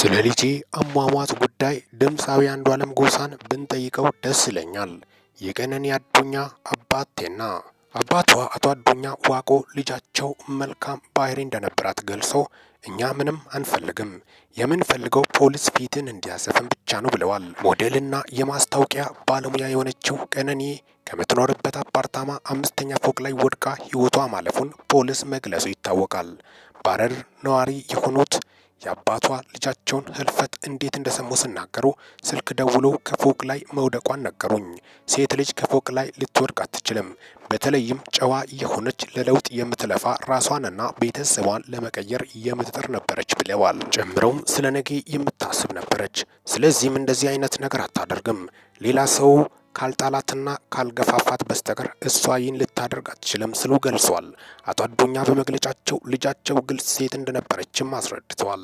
ስለ ልጄ አሟሟት ጉዳይ ድምፃዊ አንዷለም ጎሳን ብንጠይቀው ደስ ይለኛል። የቀነኒ አዱኛ አባቴና አባቷ አቶ አዱኛ ዋቆ ልጃቸው መልካም ባህሪ እንደነበራት ገልጾ እኛ ምንም አንፈልግም፣ የምንፈልገው ፖሊስ ፊትን እንዲያሰፍን ብቻ ነው ብለዋል። ሞዴልና የማስታወቂያ ባለሙያ የሆነችው ቀነኒ ከምትኖርበት አፓርታማ አምስተኛ ፎቅ ላይ ወድቃ ሕይወቷ ማለፉን ፖሊስ መግለጹ ይታወቃል። ባረር ነዋሪ የሆኑት የአባቷ ልጃቸውን ህልፈት እንዴት እንደሰሙ ሲናገሩ ስልክ ደውሎ ከፎቅ ላይ መውደቋን ነገሩኝ። ሴት ልጅ ከፎቅ ላይ ልትወድቅ አትችልም። በተለይም ጨዋ የሆነች ለለውጥ የምትለፋ ራሷንና ቤተሰቧን ለመቀየር የምትጥር ነበረች ብለዋል። ጨምረውም ስለ ነገ የምታስብ ነበረች። ስለዚህም እንደዚህ አይነት ነገር አታደርግም። ሌላ ሰው ካልጣላትና ካልገፋፋት በስተቀር እሷ ይህን ልታደርግ አትችልም ስሉ ገልጿል። አቶ አዱኛ በመግለጫቸው ልጃቸው ግልጽ ሴት እንደነበረችም አስረድተዋል።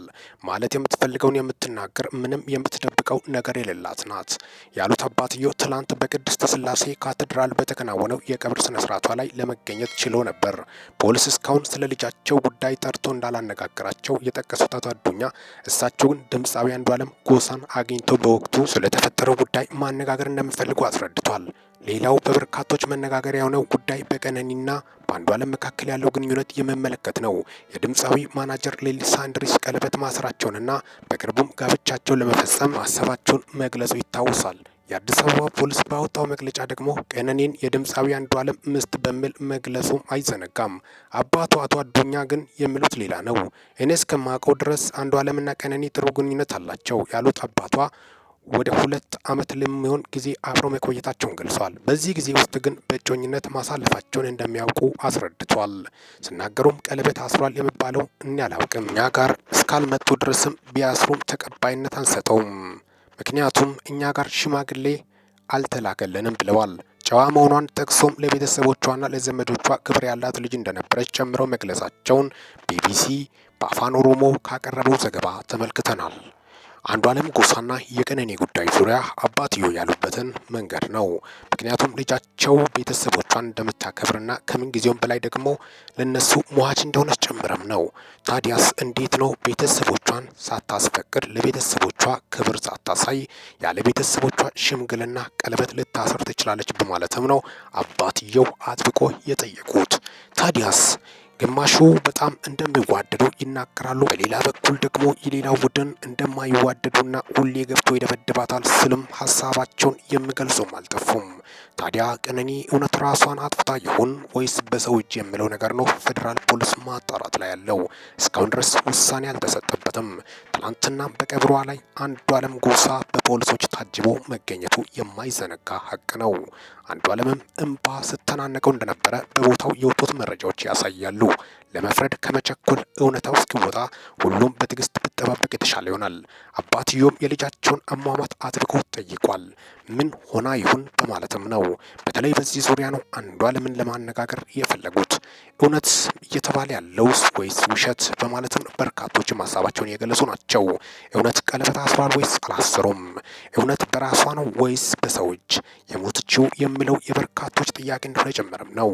ማለት የምትፈልገውን የምትናገር ምንም የምትደብቀው ነገር የሌላት ናት ያሉት አባትየው ትላንት በቅድስት ስላሴ ካቴድራል በተከናወነው የቀብር ስነ ስርዓቷ ላይ ለመገኘት ችሎ ነበር። ፖሊስ እስካሁን ስለ ልጃቸው ጉዳይ ጠርቶ እንዳላነጋገራቸው የጠቀሱት አቶ አዱኛ እሳቸው ግን ድምፃዊ አለም ጎሳን አግኝቶ በወቅቱ ስለተፈጠረው ጉዳይ ማነጋገር እንደሚፈልጉ አስረድቷል። ሌላው በበርካቶች መነጋገሪያ የሆነው ጉዳይ በቀነኒና በአንዷለም መካከል ያለው ግንኙነት የመመለከት ነው። የድምፃዊ ማናጀር ሌሊሳ አንድሪስ ቀለበት ማሰራቸውንና በቅርቡም ጋብቻቸውን ለመፈጸም ማሰባቸውን መግለጹ ይታወሳል። የአዲስ አበባ ፖሊስ ባወጣው መግለጫ ደግሞ ቀነኒን የድምፃዊ አንዷለም ምስት በሚል መግለጹም አይዘነጋም። አባቱ አቶ አዱኛ ግን የሚሉት ሌላ ነው። እኔ እስከማውቀው ድረስ አንዷለምና ቀነኒ ጥሩ ግንኙነት አላቸው ያሉት አባቷ ወደ ሁለት ዓመት ለሚሆን ጊዜ አብሮ መቆየታቸውን ገልጿል። በዚህ ጊዜ ውስጥ ግን በእጮኝነት ማሳለፋቸውን እንደሚያውቁ አስረድቷል። ሲናገሩም ቀለበት አስሯል የሚባለው እኔ አላውቅም፣ እኛ ጋር እስካልመጡ ድረስም ቢያስሩም ተቀባይነት አንሰጠውም፣ ምክንያቱም እኛ ጋር ሽማግሌ አልተላከልንም ብለዋል። ጨዋ መሆኗን ጠቅሶም ለቤተሰቦቿና ለዘመዶቿ ክብር ያላት ልጅ እንደነበረች ጨምረው መግለጻቸውን ቢቢሲ በአፋን ኦሮሞ ካቀረበው ዘገባ ተመልክተናል። አንዷለም ጎሳና የቀነኔ ጉዳይ ዙሪያ አባትዮ ያሉበትን መንገድ ነው። ምክንያቱም ልጃቸው ቤተሰቦቿን እንደምታከብርና ከምንጊዜውም በላይ ደግሞ ለነሱ ሟች እንደሆነች ጭምርም ነው። ታዲያስ እንዴት ነው ቤተሰቦቿን ሳታስፈቅድ ለቤተሰቦቿ ክብር ሳታሳይ ያለ ቤተሰቦቿ ሽምግልና ቀለበት ልታሰር ትችላለች? በማለትም ነው አባትየው አጥብቆ የጠየቁት። ታዲያስ ግማሹ በጣም እንደሚዋደዱ ይናገራሉ። በሌላ በኩል ደግሞ የሌላው ቡድን እንደማይዋደዱና ሁሌ ገብቶ ይደበድባታል ስልም ሀሳባቸውን የሚገልጹም አልጠፉም። ታዲያ ቀነኒ እውነት ራሷን አጥፍታ ይሆን ወይስ በሰው እጅ የሚለው ነገር ነው ፌዴራል ፖሊስ ማጣራት ላይ ያለው። እስካሁን ድረስ ውሳኔ አልተሰጠም። አልተሰጣትም። ትላንትና በቀብሯ ላይ አንዷለም ጎሳ በፖሊሶች ታጅቦ መገኘቱ የማይዘነጋ ሀቅ ነው። አንዷለምም እምባ ስተናነቀው እንደነበረ በቦታው የወጡት መረጃዎች ያሳያሉ። ለመፍረድ ከመቸኮል እውነታው እስኪወጣ ሁሉም በትዕግስት ብጠባበቅ የተሻለ ይሆናል። አባትዮም የልጃቸውን አሟሟት አጥብቆ ጠይቋል። ምን ሆና ይሁን በማለትም ነው። በተለይ በዚህ ዙሪያ ነው አንዷለምን ለማነጋገር የፈለጉት። እውነት እየተባለ ያለው ወይስ ውሸት በማለትም በርካቶች ሀሳባቸውን እየገለጹ ናቸው። እውነት ቀለበት አስሯል ወይስ አላሰሩም? እውነት በራሷ ነው ወይስ በሰው እጅ የሞተችው የሚለው የበርካቶች ጥያቄ እንደሆነ ጀመረም ነው።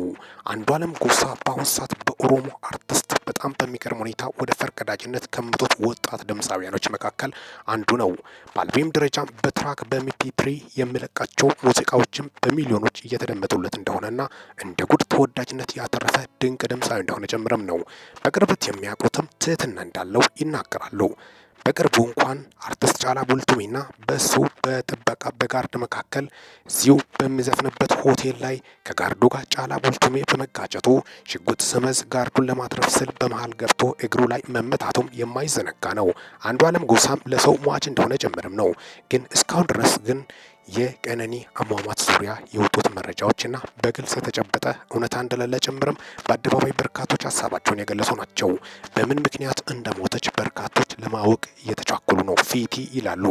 አለም ጎሳ በአሁን ሰዓት በኦሮሞ አርቲስት በጣም በሚገርም ሁኔታ ወደ ፈርቀዳጅነት ከመጡት ወጣት ድምፃውያኖች መካከል አንዱ ነው። በአልበም ደረጃም በትራክ በሚፒትሪ የሚለቃቸው ሙዚቃዎችም በሚሊዮኖች እየተደመጡለት እንደሆነና እንደ ጉድ ተወዳጅነት ያተረፈ ድንቅ ድምፃዊ እንደሆነ ጭምርም ነው። በቅርበት የሚያውቁትም ትህትና እንዳለው ይናገራሉ። በቅርቡ እንኳን አርቲስት ጫላ ቡልቱሚና በእሱ በጥበቃ በጋርድ መካከል እዚሁ በሚዘፍንበት ሆቴል ላይ ከጋርዱ ጋር ጫላ ቡልቱሜ በመጋጨቱ ሽጉጥ ስመዝ ጋርዱን ለማትረፍ ስል በመሃል ገብቶ እግሩ ላይ መመታቱም የማይዘነጋ ነው። አንዱ አለም ጎሳም ለሰው ሟች እንደሆነ ጭምርም ነው። ግን እስካሁን ድረስ ግን የቀነኒ አሟሟት ዙሪያ የወጡት መረጃዎችና በግልጽ የተጨበጠ እውነታ እንደሌለ ጭምርም በአደባባይ በርካቶች ሀሳባቸውን የገለጹ ናቸው። በምን ምክንያት እንደሞተች በርካቶች ለማወቅ እየተቻኮሉ ነው። ፊቲ ይላሉ።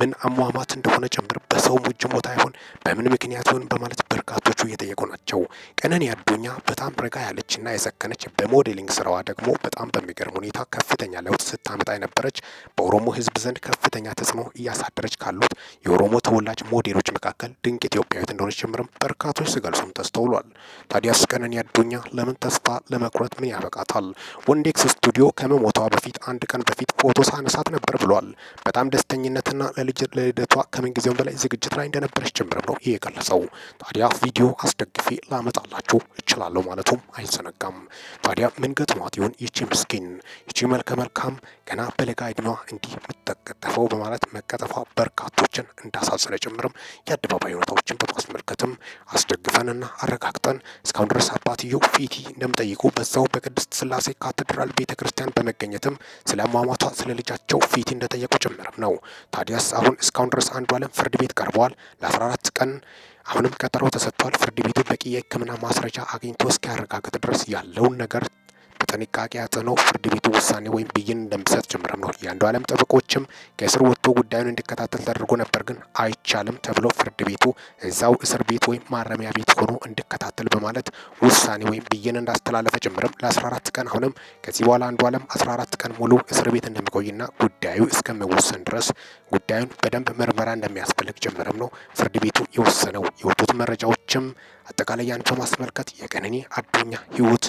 ምን አሟሟት እንደሆነ ጭምር በሰው ሙጅ ሞታ አይሆን በምን ምክንያት ይሆን በማለት በርካቶቹ እየጠየቁ ናቸው። ቀነኒ አዱኛ በጣም ረጋ ያለችና የሰከነች በሞዴሊንግ ስራዋ ደግሞ በጣም በሚገርም ሁኔታ ከፍተኛ ለውጥ ስታመጣ የነበረች በኦሮሞ ህዝብ ዘንድ ከፍተኛ ተጽዕኖ እያሳደረች ካሉት የኦሮሞ ተወላጅ ሞዴሎች መካከል ድንቅ ኢትዮጵያዊት እንደሆነች ጭምርም በርካቶች ሲገልጹም ተስተውሏል። ታዲያስ ቀነኒ አዱኛ ለምን ተስፋ ለመቁረጥ ምን ያበቃታል? ወንዴክስ ስቱዲዮ ከመሞቷ በፊት አንድ ቀን በፊት ፎቶ ሳነሳት ነበር ብሏል። በጣም ደስተኝነትና ለልደቷ ከምንጊዜውም በላይ ዝግጅት ላይ እንደነበረች ጭምርም ነው ይህ የገለጸው። ታዲያ ቪዲዮ አስደግፌ ላመጣላችሁ እችላለሁ ማለቱም አይዘነጋም። ታዲያ ምን ገጥሟት ይሆን ይቺ ምስኪን ይቺ መልከ መልካም ገና በለጋ ዕድሜዋ እንዲህ የምትጠቀጠፈው በማለት መቀጠፏ በርካቶችን እንዳሳዘነ ጭምር በመጨመርም የአደባባይ ሁኔታዎችን በማስመልከትም አስደግፈንና አረጋግጠን እስካሁን ድረስ አባትየው ፊቲ እንደሚጠይቁ በዛው በቅድስት ስላሴ ካቴድራል ቤተ ክርስቲያን በመገኘትም ስለ አሟሟቷ ስለ ልጃቸው ፊቲ እንደጠየቁ ጭምርም ነው። ታዲያስ አሁን እስካሁን ድረስ አንዱ አለም ፍርድ ቤት ቀርበዋል። ለ14 ቀን አሁንም ቀጠሮ ተሰጥቷል። ፍርድ ቤቱ በቂ የሕክምና ማስረጃ አግኝቶ እስኪያረጋግጥ ድረስ ያለውን ነገር በጥንቃቄ አጥኖ ፍርድ ቤቱ ውሳኔ ወይም ብይን እንደሚሰጥ ጭምርም ነው። የአንዱ አለም ጠበቆችም ከእስር ወጥቶ ጉዳዩን እንዲከታተል ተደርጎ ነበር፣ ግን አይቻልም ተብሎ ፍርድ ቤቱ እዛው እስር ቤት ወይም ማረሚያ ቤት ሆኖ እንዲከታተል በማለት ውሳኔ ወይም ብይን እንዳስተላለፈ ጭምርም ለ14 ቀን አሁንም ከዚህ በኋላ አንዱ አንዱዓለም 14 ቀን ሙሉ እስር ቤት እንደሚቆይና ጉዳዩ እስከሚወሰን ድረስ ጉዳዩን በደንብ ምርመራ እንደሚያስፈልግ ጭምርም ነው ፍርድ ቤቱ የወሰነው። የወጡት መረጃዎችም አጠቃላይ ያን በማስመልከት የቀነኒ አዱኛ ህይወት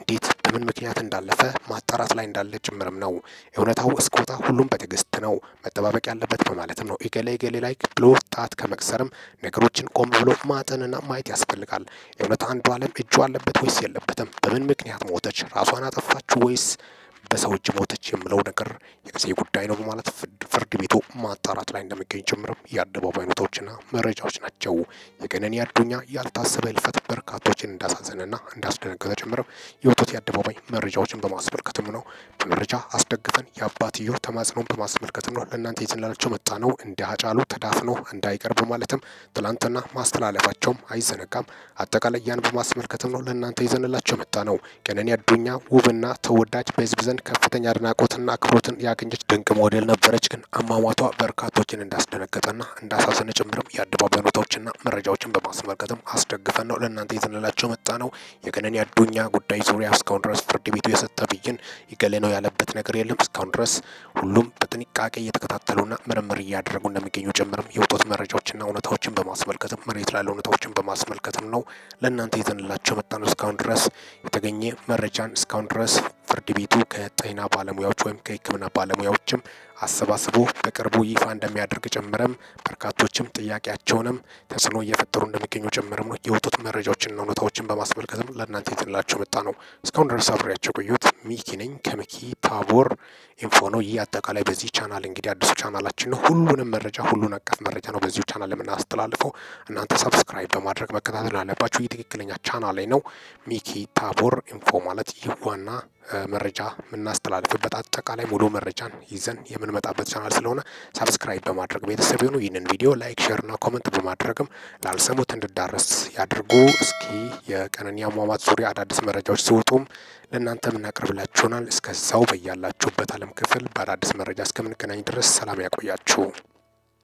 እንዴት በምን ምክንያት እንዳለፈ ማጣራት ላይ እንዳለ ጭምርም ነው። እውነታው እስኮታ ሁሉም በትዕግስት ነው መጠባበቅ ያለበት በማለትም ነው እገሌ እገሌ ላይ ብሎ ጣት ከመቅሰርም ነገሮችን ቆም ብሎ ማጠንና ማየት ያስፈልጋል። እውነት አንዱ አለም እጁ አለበት ወይስ የለበትም? በምን ምክንያት ሞተች? ራሷን አጠፋችሁ ወይስ በሰው እጅ ሞተች? የምለው ነገር ጊዜ ጉዳይ ነው በማለት ፍርድ ቤቱ ማጣራት ላይ እንደሚገኝ ጭምርም የአደባባይ ሁኔታዎችና መረጃዎች ናቸው። የቀነኒ አዱኛ ያልታሰበ ህልፈት በርካቶችን እንዳሳዘነና እንዳስደነገጠ ጭምርም የወጡት የአደባባይ መረጃዎችን በማስመልከትም ነው በመረጃ አስደግፈን የአባትየው ተማጽኖን በማስመልከት ነው ለእናንተ የትንላቸው መጣ ነው እንደ ሀጫሉ ተዳፍኖ እንዳይቀር በማለትም ትላንትና ማስተላለፋቸውም አይዘነጋም። አጠቃላይ ያን በማስመልከትም ነው ለእናንተ የዘንላቸው መጣ ነው። ቀነኒ አዱኛ ውብና ተወዳጅ በህዝብ ዘንድ ከፍተኛ አድናቆትና አክብሮትን ያገኘች ድንቅ ሞዴል ነበረች። ግን አሟሟቷ በርካቶችን እንዳስደነገጠና እንዳሳዘነ ጭምርም የአደባባይ ሁኔታዎችና መረጃዎችን በማስመልከትም አስደግፈን ነው ለእናንተ የትንላቸው መጣ ነው። የቀነኒ አዱኛ ጉዳይ ዙሪያ እስካሁን ድረስ ፍርድ ቤቱ የሰጠ ብይን ይገሌ ነው ነው ያለበት ነገር የለም። እስካሁን ድረስ ሁሉም በጥንቃቄ እየተከታተሉና ምርምር እያደረጉ እንደሚገኙ ጭምርም የወጡት መረጃዎችና እውነታዎችን በማስመልከትም መሬት ላለ እውነታዎችን በማስመልከትም ነው ለእናንተ የተንላቸው መጣ ነው። እስካሁን ድረስ የተገኘ መረጃን እስካሁን ድረስ ፍርድ ቤቱ ከጤና ባለሙያዎች ወይም ከሕክምና ባለሙያዎችም አሰባስቦ በቅርቡ ይፋ እንደሚያደርግ ጨምረም በርካቶችም ጥያቄያቸውንም ተጽዕኖ እየፈጠሩ እንደሚገኙ ጭምርም ነው የወጡት መረጃዎችና እውነታዎችን በማስመልከትም ለእናንተ የትንላቸው መጣ ነው። እስካሁን ድረስ አብሬያቸው ቆዩት ሚኪ ነኝ ከሚኪ ታቦር ኢንፎ ነው። ይህ አጠቃላይ በዚህ ቻናል እንግዲህ አዲሱ ቻናላችን ነው። ሁሉንም መረጃ ሁሉን አቀፍ መረጃ ነው በዚሁ ቻናል የምናስተላልፈው። እናንተ ሰብስክራይብ በማድረግ መከታተል አለባችሁ። ይህ ትክክለኛ ቻናል ላይ ነው። ሚኪ ታቦር ኢንፎ ማለት ይህ ዋና መረጃ የምናስተላልፍበት አጠቃላይ ሙሉ መረጃን ይዘን የምንመጣበት ቻናል ስለሆነ ሳብስክራይብ በማድረግ ቤተሰብ የሆኑ ይህንን ቪዲዮ ላይክ፣ ሼር ና ኮመንት በማድረግም ላልሰሙት እንድዳረስ ያድርጉ። እስኪ የቀነኒ አሟሟት ዙሪያ አዳዲስ መረጃዎች ሲወጡም ለእናንተ የምናቀርብላችሁናል። ይሆናል። እስከዛው በያላችሁበት ዓለም ክፍል በአዳዲስ መረጃ እስከምንገናኝ ድረስ ሰላም ያቆያችሁ።